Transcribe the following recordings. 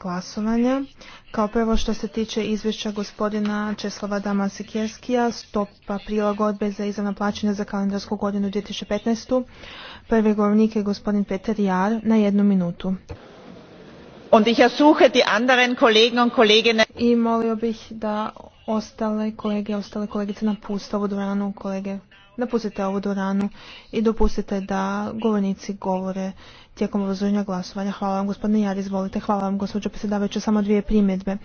glasovanja. Kao prvo što se tiče izvješća gospodina Česlava Sikerskija, stopa prilagodbe za izravna plaćanja za kalendarsku godinu 2015. Prvi govornik je gospodin Peter Jar na jednu minutu. Und ich ersuche die anderen Kollegen und Kolleginnen. I molio bih da ostale kolege, ostale kolegice napuste ovu dvoranu, kolege napustite ovu dvoranu i dopustite da govornici govore tijekom obrazloženja glasovanja. Hvala vam gospodine Jari, izvolite. Hvala vam gospođo predsjedavajuća, samo dvije primjedbe.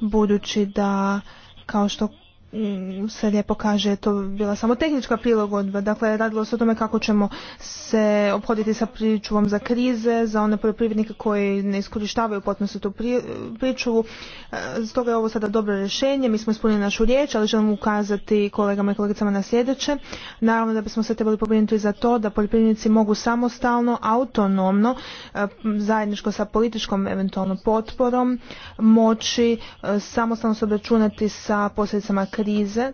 Budući da kao što Mm, se lijepo kaže, to bila samo tehnička prilagodba, dakle radilo se o tome kako ćemo se obhoditi sa pričuvom za krize, za one poljoprivrednike koji ne iskorištavaju su tu pričuvu. E, stoga je ovo sada dobro rješenje, mi smo ispunili našu riječ, ali želimo ukazati kolegama i kolegicama na sljedeće. Naravno da bismo se trebali pobrinuti za to da poljoprivrednici mogu samostalno, autonomno, e, zajedničko sa političkom eventualnom potporom, moći e, samostalno se obračunati sa posljedicama krize krize.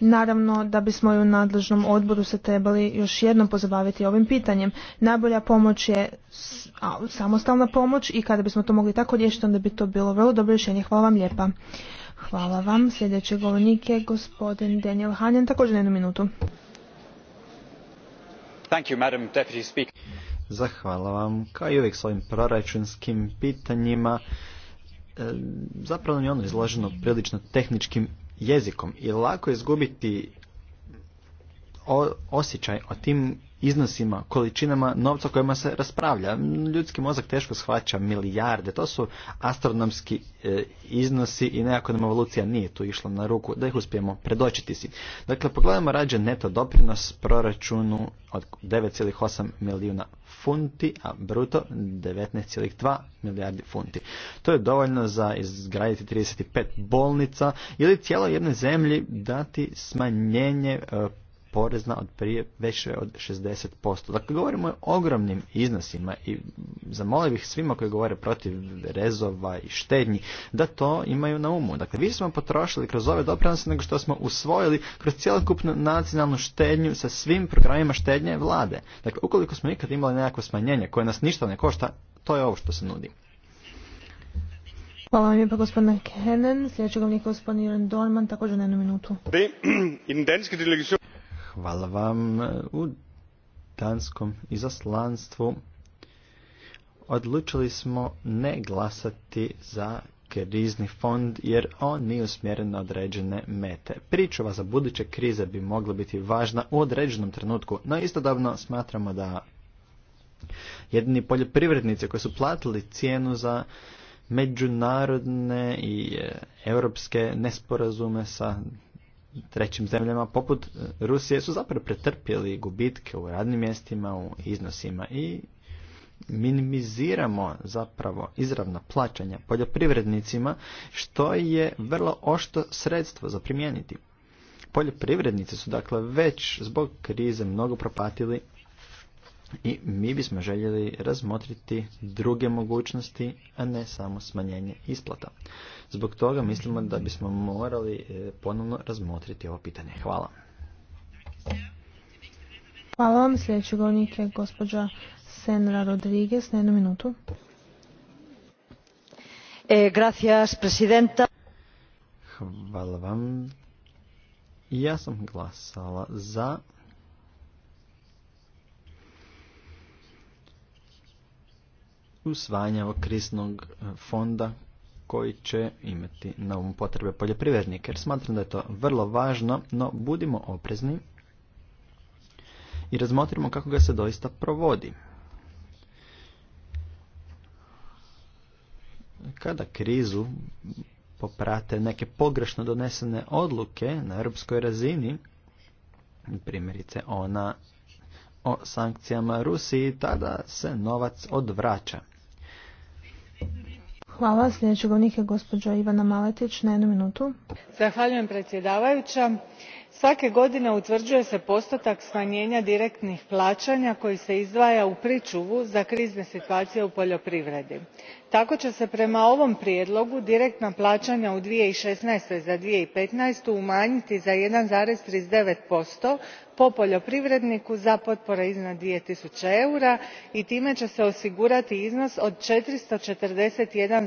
Naravno da bismo i u nadležnom odboru se trebali još jednom pozabaviti ovim pitanjem. Najbolja pomoć je samostalna pomoć i kada bismo to mogli tako riješiti onda bi to bilo vrlo dobro rješenje. Hvala vam lijepa. Hvala vam. Sljedeći gospodin Daniel Hanjan, također na jednu minutu. Thank you, madam deputy Zahvala vam. Kao i uvijek s ovim proračunskim pitanjima, e, zapravo je ono izloženo prilično tehničkim jezikom i lako izgubiti osjećaj o tim iznosima, količinama novca o kojima se raspravlja. Ljudski mozak teško shvaća milijarde, to su astronomski e, iznosi i nekako nam evolucija nije tu išla na ruku, da ih uspijemo predočiti si. Dakle, pogledajmo rađen neto doprinos proračunu od 9,8 milijuna funti, a bruto 19,2 milijardi funti. To je dovoljno za izgraditi 35 bolnica ili cijelo jedne zemlji dati smanjenje e, porezna od prije veće od 60%. Dakle, govorimo o ogromnim iznosima i zamolio bih svima koji govore protiv rezova i štednji da to imaju na umu. Dakle, vi smo potrošili kroz ove doprinose nego što smo usvojili kroz cjelokupnu nacionalnu štednju sa svim programima štednje vlade. Dakle, ukoliko smo ikad imali nekakvo smanjenje koje nas ništa ne košta, to je ovo što se nudi. Hvala vam lijepa gospodine Kenen. Sljedeći gospodin Dorman, također na jednu minutu. Hvala vam. E, u danskom izaslanstvu odlučili smo ne glasati za krizni fond jer on nije usmjeren na određene mete. pričuva za buduće krize bi mogla biti važna u određenom trenutku, no istodobno smatramo da jedini poljoprivrednici koji su platili cijenu za međunarodne i e, europske nesporazume sa trećim zemljama poput e, Rusije su zapravo pretrpjeli gubitke u radnim mjestima, u iznosima i minimiziramo zapravo izravna plaćanja poljoprivrednicima što je vrlo ošto sredstvo za primijeniti. Poljoprivrednici su dakle već zbog krize mnogo propatili i mi bismo željeli razmotriti druge mogućnosti, a ne samo smanjenje isplata. Zbog toga mislimo da bismo morali e, ponovno razmotriti ovo pitanje. Hvala. Hvala vam. Sljedeći govornik gospođa Senra Rodriguez. Na jednu minutu. E, gracias, presidenta. Hvala vam. Ja sam glasala za usvajanja ovog krisnog e, fonda koji će imati na umu potrebe poljoprivrednike. Jer smatram da je to vrlo važno, no budimo oprezni i razmotrimo kako ga se doista provodi. Kada krizu poprate neke pogrešno donesene odluke na europskoj razini, primjerice ona o sankcijama Rusiji, tada se novac odvraća. Hvala. Sljedeći govornik je gospođa Ivana Maletić na jednu minutu. Zahvaljujem predsjedavajuća. Svake godine utvrđuje se postotak smanjenja direktnih plaćanja koji se izdvaja u pričuvu za krizne situacije u poljoprivredi. Tako će se prema ovom prijedlogu direktna plaćanja u 2016. za 2015. umanjiti za 1,39% po poljoprivredniku za potpore iznad 2000 eura i time će se osigurati iznos od 441,5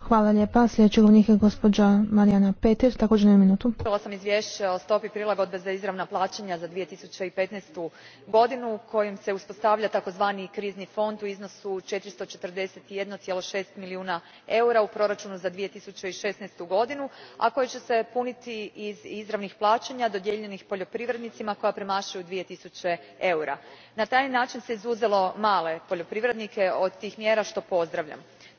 Hvala minutu. sam izvješće o stopi prilagodbe za izravna plaćanja za 2015. godinu kojim se uspostavlja takozvani krizni fond u iznosu 441,6 milijuna eura u proračunu za 2016. godinu, a koji će se puniti iz izravnih plaćanja dodijeljenih poljoprivrednicima koja premašuju 2000 eura. Na taj način se izuzelo male poljoprivrednike od tih mjera što pozdravljam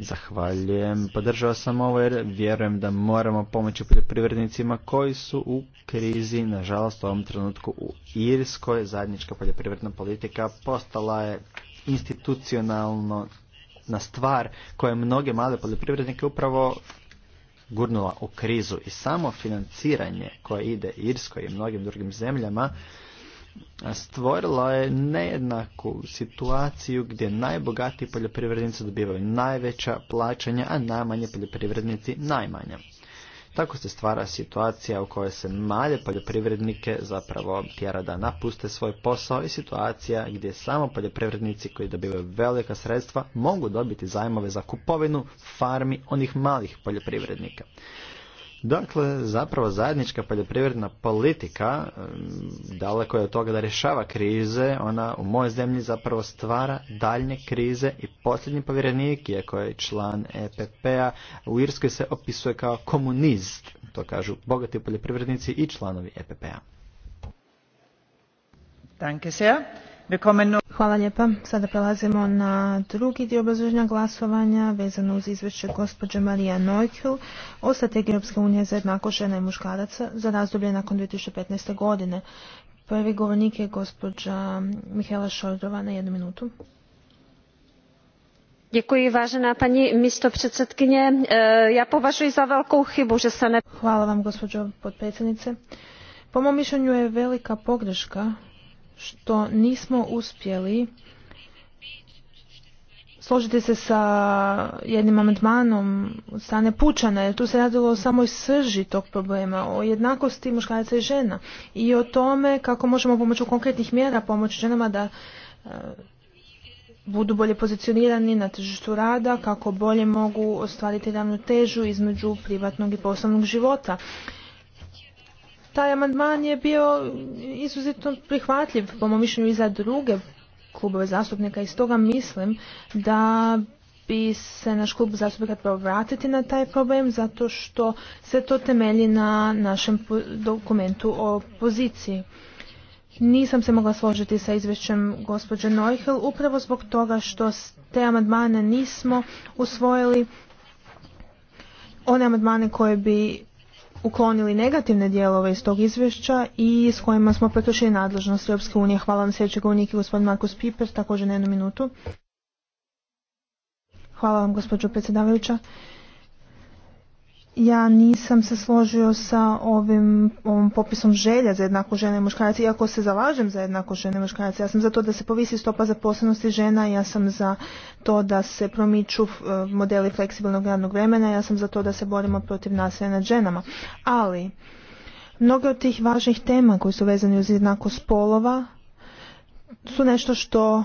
Zahvaljujem. Podržao sam ovo jer vjerujem da moramo pomoći poljoprivrednicima koji su u krizi. Nažalost, u ovom trenutku u Irskoj zajednička poljoprivredna politika postala je institucionalno na stvar koja je mnoge male poljoprivrednike upravo gurnula u krizu i samo financiranje koje ide Irskoj i mnogim drugim zemljama stvorila je nejednaku situaciju gdje najbogatiji poljoprivrednici dobivaju najveća plaćanja, a najmanje poljoprivrednici najmanja. Tako se stvara situacija u kojoj se malje poljoprivrednike zapravo tjera da napuste svoj posao i situacija gdje samo poljoprivrednici koji dobivaju velika sredstva mogu dobiti zajmove za kupovinu farmi onih malih poljoprivrednika. Dakle, zapravo zajednička poljoprivredna politika daleko je od toga da rješava krize, ona u mojoj zemlji zapravo stvara daljnje krize i posljednji povjerenik, iako je član EPP-a, u Irskoj se opisuje kao komunist, to kažu bogati poljoprivrednici i članovi EPP-a. Hvala lijepa. Sada prelazimo na drugi dio obrazloženja glasovanja vezano uz izvješće gospođe Marija Nojkil o strategiji Europske unije za jednako žena i muškaraca za razdoblje nakon 2015. godine. Prvi govornik je gospođa Mihela Šordova na jednu minutu. Děkuji, vážená paní místo předsedkyně. E, ja považuji za velkou chybu, že se ne... Hvala vam, gospođo potpredsjednice. Po mom mišljenju je velika pogreška što nismo uspjeli složiti se sa jednim amandmanom od strane pučana, jer tu se radilo o samoj srži tog problema, o jednakosti muškaraca i žena i o tome kako možemo pomoću konkretnih mjera pomoći ženama da e, budu bolje pozicionirani na tržištu rada, kako bolje mogu ostvariti ravnotežu između privatnog i poslovnog života taj amandman je bio izuzetno prihvatljiv po mom mišljenju i za druge klubove zastupnika i stoga mislim da bi se naš klub zastupnika trebao vratiti na taj problem zato što se to temelji na našem dokumentu o poziciji. Nisam se mogla složiti sa izvješćem gospođe Neuhel upravo zbog toga što te amandmane nismo usvojili one amandmane koje bi uklonili negativne dijelove iz tog izvješća i s kojima smo prekršili nadležnost Europske unije. Hvala vam sljedećeg i gospodin Markus Piper, također na jednu minutu. Hvala vam gospođo predsjedavajuća ja nisam se složio sa ovim, ovom popisom želja za jednako žene i muškaraca, iako se zalažem za jednako žene i muškaraca, Ja sam za to da se povisi stopa zaposlenosti žena, ja sam za to da se promiču eh, modeli fleksibilnog radnog vremena, ja sam za to da se borimo protiv nasilja nad ženama. Ali, mnoge od tih važnih tema koji su vezani uz jednako spolova su nešto što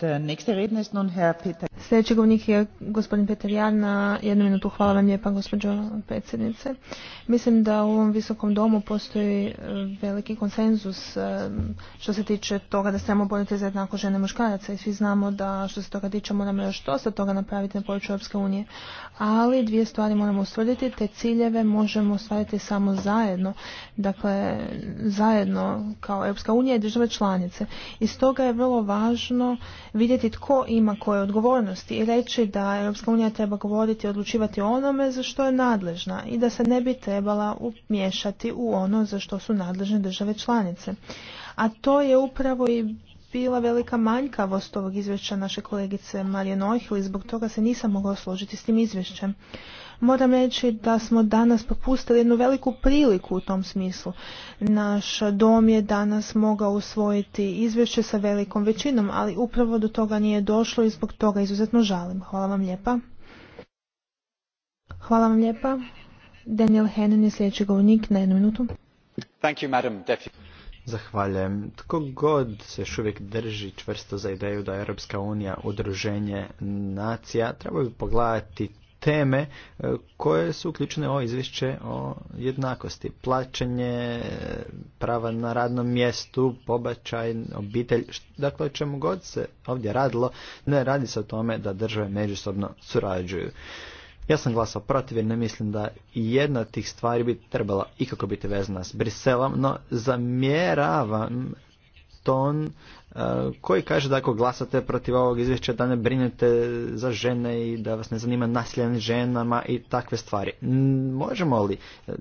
Äh, Sljedeći govornik je gospodin Peter Jan na jednu minutu. Hvala vam lijepa gospođo predsjednice. Mislim da u ovom visokom domu postoji e, veliki konsenzus e, što se tiče toga da se trebamo boriti za jednako žene muškaraca i svi znamo da što se toga tiče moramo još sa toga napraviti na području Europske unije. Ali dvije stvari moramo ustvrditi, te ciljeve možemo ostvariti samo zajedno, dakle zajedno kao Europska unija i države članice. I stoga je vrlo važno vidjeti tko ima koje odgovornosti i reći da EU unija treba govoriti i odlučivati o onome za što je nadležna i da se ne bi trebala umješati u ono za što su nadležne države članice. A to je upravo i bila velika manjkavost ovog izvješća naše kolegice Marije Nojhili, zbog toga se nisam mogla složiti s tim izvješćem. Moram reći da smo danas propustili jednu veliku priliku u tom smislu. Naš dom je danas mogao usvojiti izvješće sa velikom većinom, ali upravo do toga nije došlo i zbog toga izuzetno žalim. Hvala vam lijepa. Hvala vam lijepa. Daniel Hennen je sljedeći govornik na jednu minutu. Thank you, madam Zahvaljujem. Tko god se još uvijek drži čvrsto za ideju da je Europska unija udruženje nacija, bi pogledati teme e, koje su uključene o izvješće o jednakosti. Plaćanje, prava na radnom mjestu, pobačaj, obitelj, dakle čemu god se ovdje radilo, ne radi se o tome da države međusobno surađuju. Ja sam glasao protiv jer ne mislim da jedna od tih stvari bi trebala ikako biti vezana s Briselom, no zamjeravam ton e, koji kaže da ako glasate protiv ovog izvješća da ne brinete za žene i da vas ne zanima nasilje nad ženama i takve stvari. Možemo li e,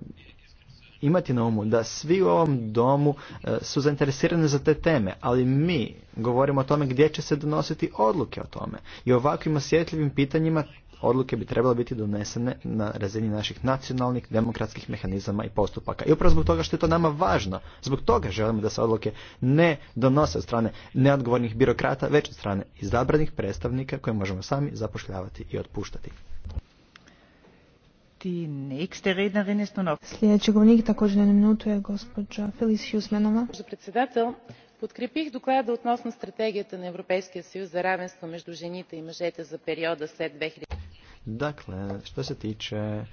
imati na umu da svi u ovom domu e, su zainteresirani za te teme, ali mi govorimo o tome gdje će se donositi odluke o tome. I ovakvim osjetljivim pitanjima odluke bi trebale biti donesene na razini naših nacionalnih demokratskih mehanizama i postupaka. I upravo zbog toga što je to nama važno, zbog toga želimo da se odluke ne donose od strane neodgovornih birokrata, već od strane izabranih predstavnika koje možemo sami zapošljavati i otpuštati. Sljedeći govornik također na minutu je gospođa подкрепих доклада относно стратегията на Европейския съюз за равенство между жените и мъжете за периода след 2000. Dakle, što se tiče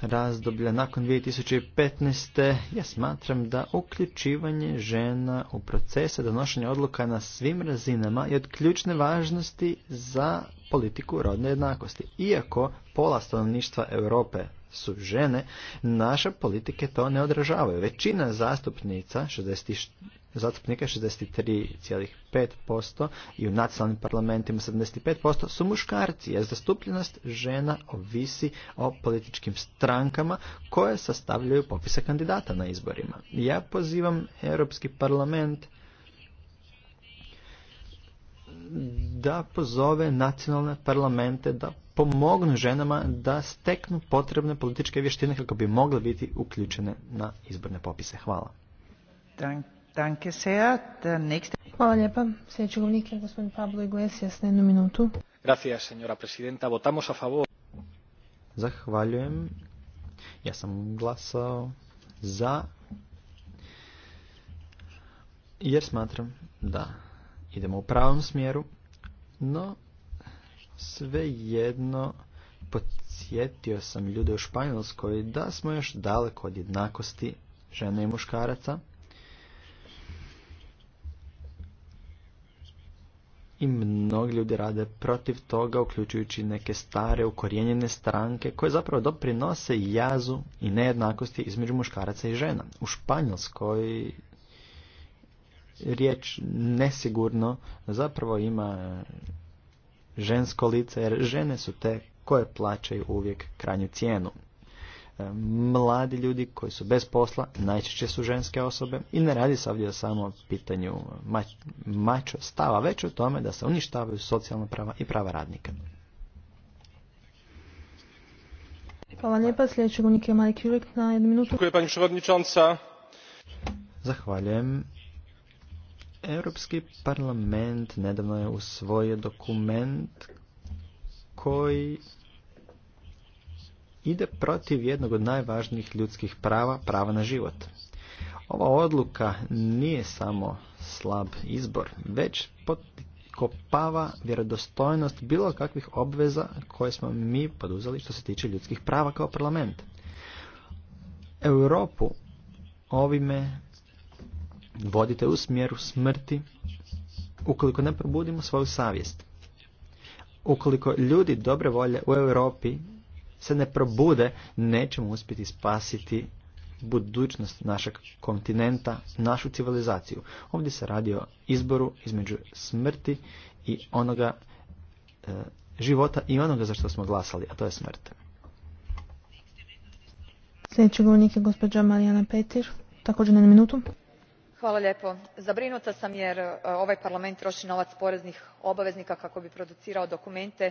razdoblja nakon 2015. ja smatram da uključivanje žena u procese donošenja odluka na svim razinama je od ključne važnosti za politiku rodne jednakosti. Iako pola stanovništva Europe su žene, naše politike to ne odražavaju. Većina zastupnica, zastupnika 63,5% i u nacionalnim parlamentima 75% su muškarci, jer zastupljenost žena ovisi o političkim strankama koje sastavljaju popise kandidata na izborima. Ja pozivam Europski parlament da pozove nacionalne parlamente da pomognu ženama da steknu potrebne političke vještine kako bi mogle biti uključene na izborne popise. Hvala. you. Hvala lijepa. Sljedeći govornik je gospodin Pablo Iglesias na jednu minutu. Gracias, señora presidenta. Votamos a favor. Zahvaljujem. Ja sam glasao za jer smatram da idemo u pravom smjeru, no svejedno podsjetio sam ljude u Španjolskoj da smo još daleko od jednakosti žene i muškaraca, i mnogi ljudi rade protiv toga, uključujući neke stare, ukorijenjene stranke koje zapravo doprinose jazu i nejednakosti između muškaraca i žena. U Španjolskoj riječ nesigurno zapravo ima žensko lice, jer žene su te koje plaćaju uvijek krajnju cijenu. E, mladi ljudi koji su bez posla, najčešće su ženske osobe i ne radi se ovdje samo o pitanju stava, već o tome da se uništavaju socijalna prava i prava radnika. Hvala lijepa, sljedeći je na jednu minutu. Pani przewodnicząca. Zahvaljujem. Europski parlament nedavno je usvojio dokument koji ide protiv jednog od najvažnijih ljudskih prava, prava na život. Ova odluka nije samo slab izbor, već potkopava vjerodostojnost bilo kakvih obveza koje smo mi poduzeli što se tiče ljudskih prava kao parlament. Europu ovime vodite u smjeru smrti ukoliko ne probudimo svoju savjest. Ukoliko ljudi dobre volje u Europi se ne probude, nećemo uspjeti spasiti budućnost našeg kontinenta, našu civilizaciju. Ovdje se radi o izboru između smrti i onoga e, života i onoga za što smo glasali, a to je smrt. Sljedeći govornik je gospođa Marijana Petir, također na minutu. Hvala lijepo. Zabrinuta sam jer e, ovaj parlament troši novac poreznih obaveznika kako bi producirao dokumente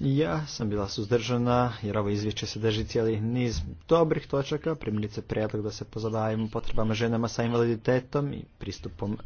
Ja sam bila suzdržana jer ovo izvješće sadrži cijeli niz dobrih točaka, primjerice prijedlog da se pozabavimo potrebama ženama sa invaliditetom i pristupom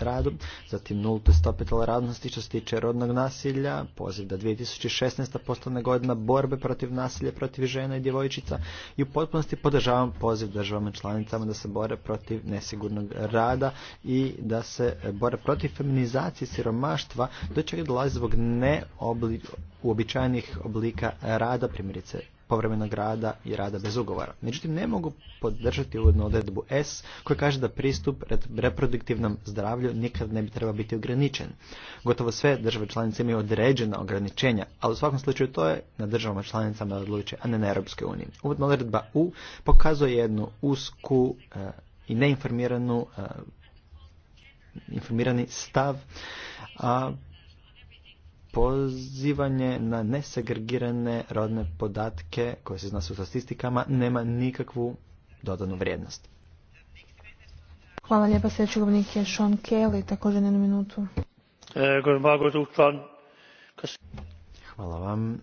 radu, zatim nulte stope tolerantnosti što se tiče rodnog nasilja, poziv da 2016. postane godina borbe protiv nasilja protiv žena i djevojčica i u potpunosti podržavam poziv državama članicama da se bore protiv nesigurnog rada i da se bore protiv feminizacije siromaštva do čega dolazi zbog neobli uobičajenih oblika rada, primjerice povremenog rada i rada bez ugovora. Međutim, ne mogu podržati uvodnu odredbu S koja kaže da pristup reproduktivnom zdravlju nikad ne bi trebao biti ograničen. Gotovo sve države članice imaju određena ograničenja, ali u svakom slučaju to je na državama članicama odluče, a ne na Europske uniji. Uvodna odredba U pokazuje jednu usku eh, i neinformiranu eh, informirani stav, a pozivanje na nesegregirane rodne podatke koje se zna u statistikama nema nikakvu dodanu vrijednost. Hvala lijepa, sljedeći govornik je Sean Kelly, također na jednu minutu. E, Hvala vam.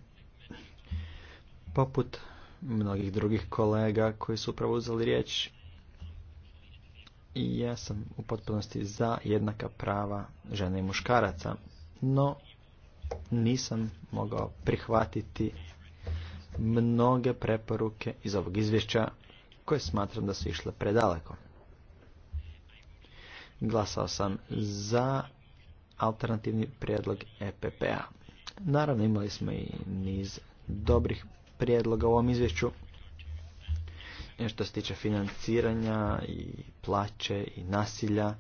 Poput mnogih drugih kolega koji su upravo uzeli riječ, ja sam u potpunosti za jednaka prava žene i muškaraca, no nisam mogao prihvatiti mnoge preporuke iz ovog izvješća koje smatram da su išle predaleko. Glasao sam za alternativni prijedlog EPP-a. Naravno imali smo i niz dobrih prijedloga u ovom izvješću. E, što se tiče financiranja i plaće i nasilja,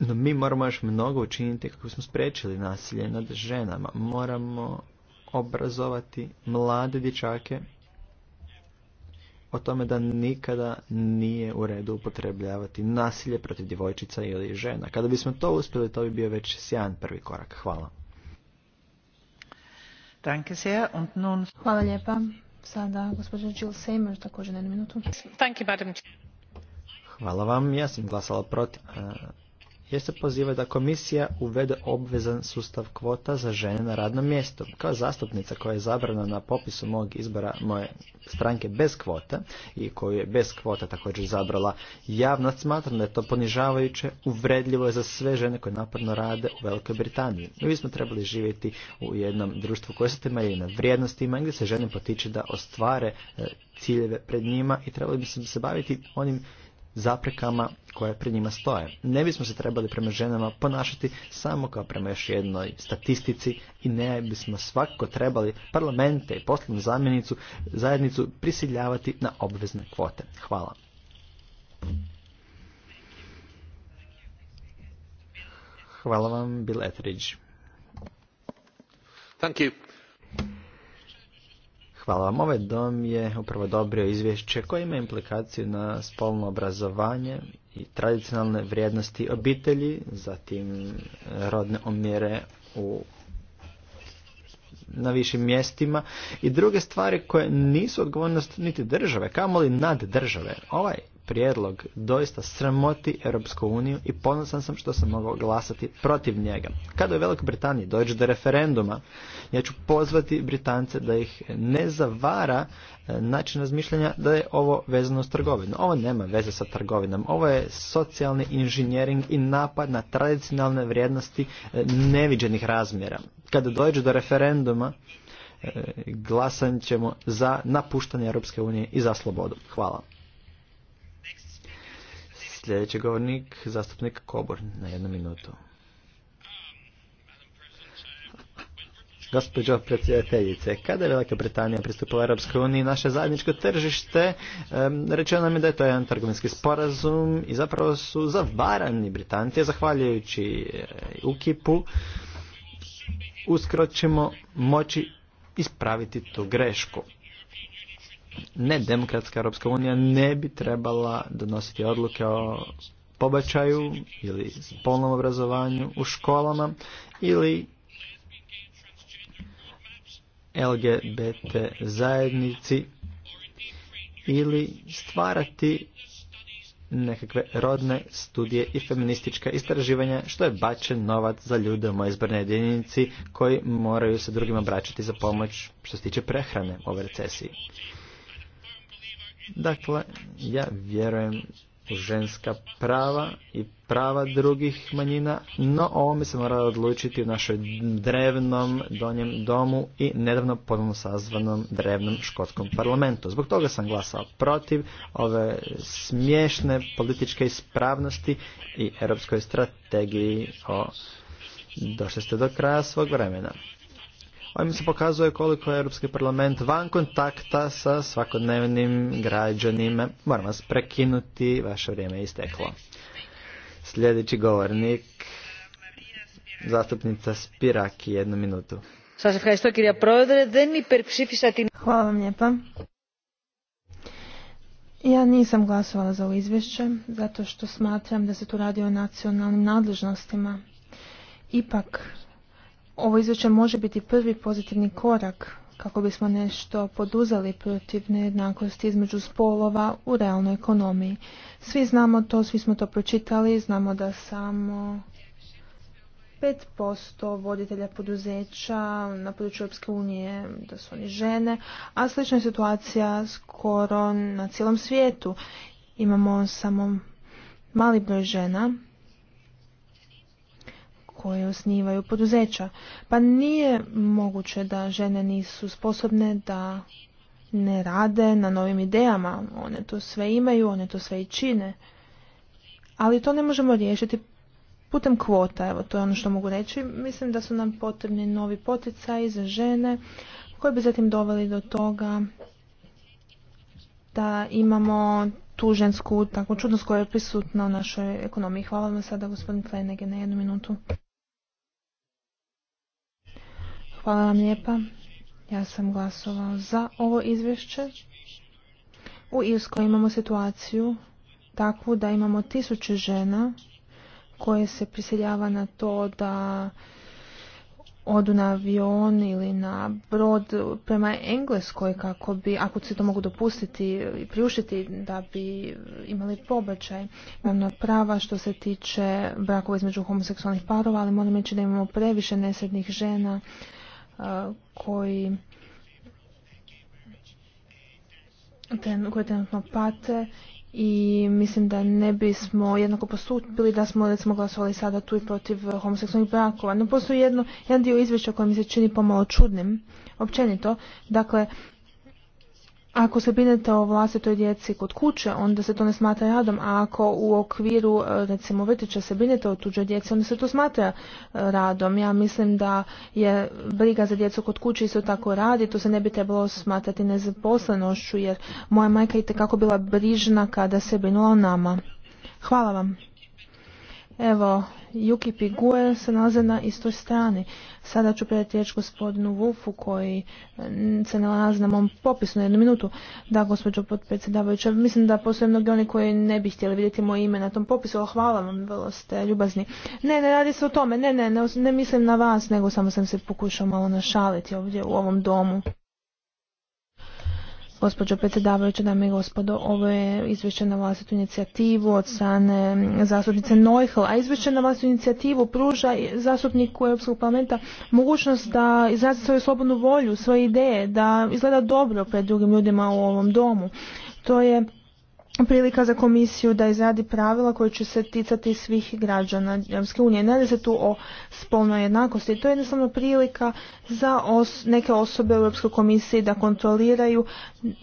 no mi moramo još mnogo učiniti kako smo sprečili nasilje nad ženama. Moramo obrazovati mlade dječake o tome da nikada nije u redu upotrebljavati nasilje protiv djevojčica ili žena. Kada bismo to uspjeli, to bi bio već sjajan prvi korak. Hvala. Hvala lijepa. Sada gospođa Jill Seymour, također na jednu minutu. Hvala vam. Ja sam glasala protiv jer se poziva da komisija uvede obvezan sustav kvota za žene na radnom mjestu. Kao zastupnica koja je zabrana na popisu mog izbora moje stranke bez kvota i koju je bez kvota također zabrala javnost, smatram da je to ponižavajuće, uvredljivo je za sve žene koje napadno rade u Velikoj Britaniji. Mi bismo trebali živjeti u jednom društvu koje se temelji na vrijednostima gdje se žene potiče da ostvare e, ciljeve pred njima i trebali bi se baviti onim zaprekama koje pred njima stoje. Ne bismo se trebali prema ženama ponašati samo kao prema još jednoj statistici i ne bismo svakako trebali parlamente i poslovnu zamjenicu zajednicu prisiljavati na obvezne kvote. Hvala. Hvala vam, Bill Thank you. Hvala vam. Ovaj dom je upravo dobrio izvješće koje ima implikaciju na spolno obrazovanje i tradicionalne vrijednosti obitelji, zatim rodne omjere u na višim mjestima i druge stvari koje nisu odgovornost niti države, kamoli nad države. Ovaj prijedlog doista sramoti Europsku uniju i ponosan sam što sam mogao glasati protiv njega. Kada u Velikoj Britaniji dođe do referenduma, ja ću pozvati Britance da ih ne zavara e, način razmišljanja da je ovo vezano s trgovinom. Ovo nema veze sa trgovinom. Ovo je socijalni inženjering i napad na tradicionalne vrijednosti e, neviđenih razmjera. Kada dođe do referenduma, e, glasan ćemo za napuštanje Europske unije i za slobodu. Hvala. Sljedeći govornik, zastupnik Koborn, na jednu minutu. Gospođo predsjedateljice, kada je Velika Britanija pristupila Europskoj uniji, naše zajedničko tržište, rečeno nam je da je to jedan trgovinski sporazum i zapravo su zavarani Britanci, zahvaljujući e, Ukipu u moći ispraviti tu grešku. Ne-demokratska Europska unija ne bi trebala donositi odluke o pobačaju ili polnom obrazovanju u školama ili LGBT zajednici ili stvarati nekakve rodne studije i feministička istraživanja što je bačen novac za ljude u moje izbornoj jedinici koji moraju se drugima obraćati za pomoć što se tiče prehrane ove recesiji. Dakle, ja vjerujem u ženska prava i prava drugih manjina, no o ovome se mora odlučiti u našoj drevnom donjem domu i nedavno ponovno sazvanom drevnom škotskom parlamentu. Zbog toga sam glasao protiv ove smiješne političke ispravnosti i europskoj strategiji o došli ste do kraja svog vremena. Ovim se pokazuje koliko je Europski parlament van kontakta sa svakodnevnim građanima. Moram vas prekinuti, vaše vrijeme je isteklo. Sljedeći govornik, zastupnica Spiraki, jednu minutu. Hvala vam lijepa. Ja nisam glasovala za ovo izvješće, zato što smatram da se tu radi o nacionalnim nadležnostima. Ipak, ovo izvješće može biti prvi pozitivni korak kako bismo nešto poduzeli protiv nejednakosti između spolova u realnoj ekonomiji. Svi znamo to, svi smo to pročitali, znamo da samo 5% voditelja poduzeća na području Europske unije da su oni žene, a slična je situacija skoro na cijelom svijetu. Imamo samo mali broj žena koje osnivaju poduzeća. Pa nije moguće da žene nisu sposobne da ne rade na novim idejama. One to sve imaju, one to sve i čine. Ali to ne možemo riješiti putem kvota. Evo, to je ono što mogu reći. Mislim da su nam potrebni novi poticaji za žene koji bi zatim doveli do toga da imamo tu žensku takvu čudnost koja je prisutna u našoj ekonomiji. Hvala vam sada gospodin Flanagan na jednu minutu. Hvala vam lijepa. Ja sam glasovala za ovo izvješće. U Irskoj imamo situaciju takvu da imamo tisuće žena koje se prisiljava na to da odu na avion ili na brod prema Engleskoj kako bi, ako se to mogu dopustiti i priuštiti, da bi imali pobačaj. Imamo prava što se tiče brakova između homoseksualnih parova, ali moram reći da imamo previše nesrednih žena koji trenutno pate i mislim da ne bismo jednako postupili da smo recimo glasovali sada tu i protiv homoseksualnih brakova. No postoji jedno, jedan dio izvješća koji mi se čini pomalo čudnim općenito. Dakle, ako se brinete o vlastitoj djeci kod kuće, onda se to ne smatra radom, a ako u okviru e, recimo vrtića se brinete o tuđoj djeci, onda se to smatra e, radom. Ja mislim da je briga za djecu kod kuće isto tako radi, to se ne bi trebalo smatrati nezaposlenošću jer moja majka je kako bila brižna kada se brinula o nama. Hvala vam. Evo, Juki Pigue se nalaze na istoj strani. Sada ću predati riječ gospodinu Wolfu koji mm, se nalazi na mom popisu na jednu minutu. Da, gospođo potpredsjedavajuća, mislim da postoje mnogi oni koji ne bi htjeli vidjeti moje ime na tom popisu, ali hvala vam, vrlo ste ljubazni. Ne, ne radi se o tome, ne, ne, ne, ne mislim na vas, nego samo sam se pokušao malo našaliti ovdje u ovom domu. Gospođo predsjedavajuća, dame i gospodo, ovo je izvješće na vlastitu inicijativu od strane zastupnice Neuhl, a izvješće na vlastitu inicijativu pruža zastupniku Europskog parlamenta mogućnost da izrazi svoju slobodnu volju, svoje ideje, da izgleda dobro pred drugim ljudima u ovom domu. To je prilika za komisiju da izradi pravila koje će se ticati svih građana Europske unije. Ne se tu o spolnoj jednakosti. To je jednostavno prilika za neke osobe u Europskoj komisiji da kontroliraju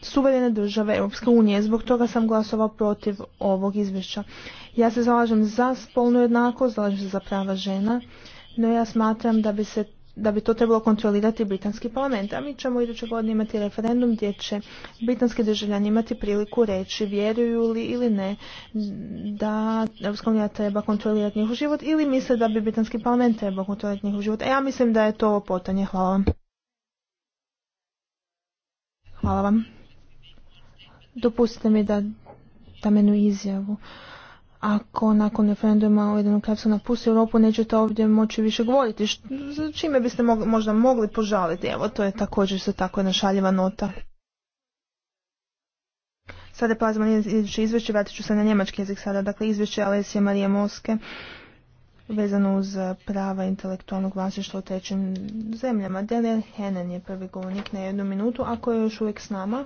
suverene države Europske unije. Zbog toga sam glasovao protiv ovog izvješća. Ja se zalažem za spolnu jednakost, zalažem se za prava žena, no ja smatram da bi se da bi to trebalo kontrolirati britanski parlament. A mi ćemo iduće godine imati referendum gdje će britanski državljani imati priliku reći vjeruju li ili ne da EU treba kontrolirati njihov život ili misle da bi britanski parlament trebao kontrolirati njihov život. E ja mislim da je to ovo potanje. Hvala vam. Hvala vam. Dopustite mi da, da menu izjavu ako nakon referenduma o jednom kraljevstvu napusti Europu, nećete ovdje moći više govoriti. čime biste možda mogli požaliti? Evo, to je također se tako jedna šaljiva nota. Sada pazimo na iduće izvješće, vratit ću se na njemački jezik sada. Dakle, izvješće Alesije Marije Moske vezano uz prava intelektualnog vlasništva u trećim zemljama. Deler Henen je prvi govornik na jednu minutu, ako je još uvijek s nama.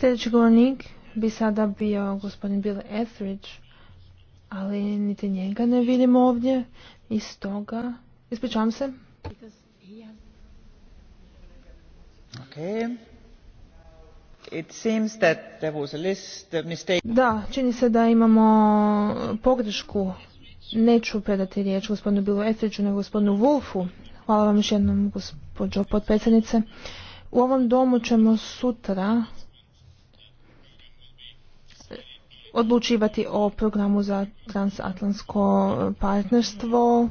Sljedeći govornik bi sada bio gospodin Bill Etheridge, ali niti njega ne vidimo ovdje. I stoga, ispričavam se. Okay. It seems da, čini se da imamo pogrešku. Neću predati riječ gospodinu Bilu Etriću, nego gospodinu Wolfu. Hvala vam još jednom gospođo potpredsjednice. U ovom domu ćemo sutra odlučivati o programu za transatlantsko partnerstvo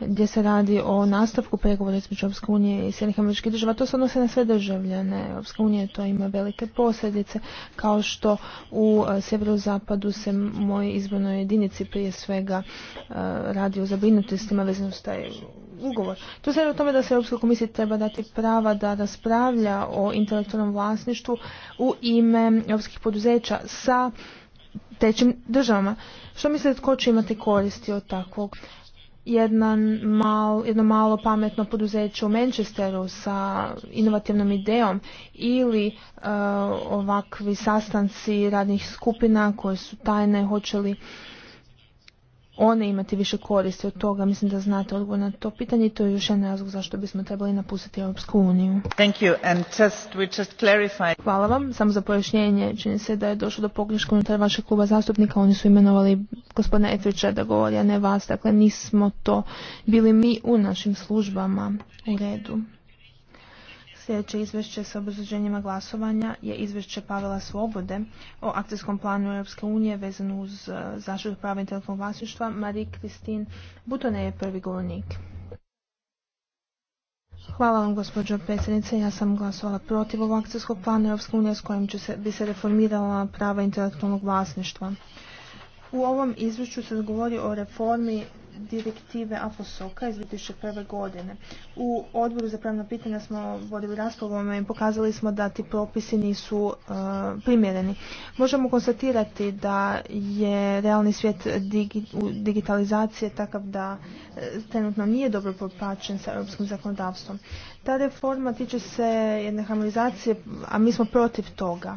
gdje se radi o nastavku pregovora između Europske unije i Sjednih američkih država. To se odnose na sve državljane Europska unije, to ima velike posljedice, kao što u e, sjeverozapadu se moje izbornoj jedinici prije svega e, radi o zabrinutostima vezano s taj ugovor. Tu se radi o tome da se Europska komisija treba dati prava da raspravlja o intelektualnom vlasništvu u ime europskih poduzeća sa trećim državama. Što mislite tko će imati koristi od takvog jedan mal, jedno malo pametno poduzeće u Manchesteru sa inovativnom idejom ili e, ovakvi sastanci radnih skupina koje su tajne hoće li one imati više koristi od toga? Mislim da znate odgovor na to pitanje i to je još jedan razlog zašto bismo trebali napustiti Europsku uniju. Hvala vam. Samo za pojašnjenje. Čini se da je došlo do pogreška unutar vašeg kluba zastupnika. Oni su imenovali gospodina Etrića da govori, a ne vas. Dakle, nismo to bili mi u našim službama u redu. Sljedeće izvješće s obrazloženjima glasovanja je izvješće Pavela Svobode o akcijskom planu Europske unije vezanu uz e, zaštitu prava intelektualnog vlasništva. Marie Kristin Butone je prvi govornik. Hvala vam gospođo predsjednice. Ja sam glasovala protiv ovog akcijskog plana Europske unije s kojim će bi se reformirala prava intelektualnog vlasništva. U ovom izvješću se govori o reformi direktive Aposoka iz 2001. godine. U odboru za pravna pitanja smo vodili raspravu i pokazali smo da ti propisi nisu e, primjereni. Možemo konstatirati da je realni svijet digitalizacije takav da e, trenutno nije dobro popraćen sa europskim zakonodavstvom. Ta reforma tiče se jedne harmonizacije, a mi smo protiv toga.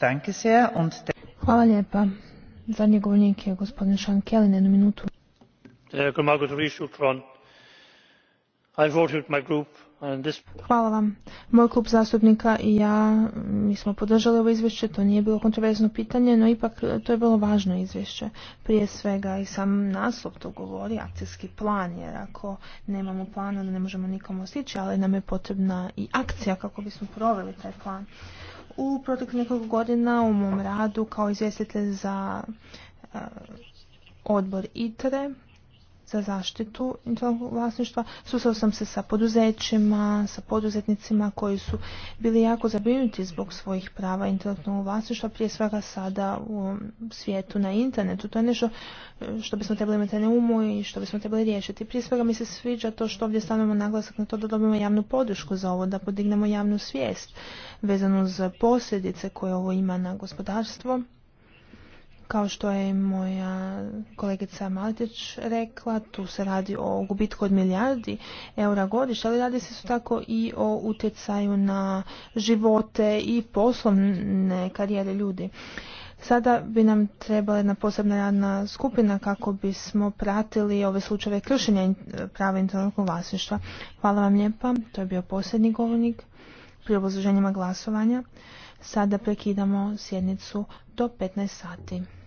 Hvala Hvala vam. Moj klub zastupnika i ja mm, mi smo podržali ovo izvješće, to nije bilo kontroverzno pitanje, no ipak e, to je bilo važno izvješće. Prije svega i sam naslov to govori, akcijski plan, jer ako nemamo plana onda ne možemo nikomu stići, ali nam je potrebna i akcija kako bismo proveli taj plan. U proteklih nekoliko godina u mom radu kao izvjestitelj za e, odbor ITRE za zaštitu intelektualnog vlasništva. Susao sam se sa poduzećima, sa poduzetnicima koji su bili jako zabrinuti zbog svojih prava intelektualnog vlasništva, prije svega sada u svijetu na internetu. To je nešto eh, što bismo trebali imati na umu i što bismo trebali riješiti. Prije svega mi se sviđa to što ovdje stavljamo naglasak na to da dobijemo javnu podršku za ovo, da podignemo javnu svijest vezanu za posljedice koje ovo ima na gospodarstvo kao što je moja kolegica Maletić rekla, tu se radi o gubitku od milijardi eura godišnje, ali radi se su tako i o utjecaju na živote i poslovne karijere ljudi. Sada bi nam trebala jedna posebna radna skupina kako bismo pratili ove slučajeve kršenja prava intelektualnog vlasništva. Hvala vam lijepa, to je bio posljednji govornik pri obrazloženjima glasovanja. Sada prekidamo sjednicu do 15 sati.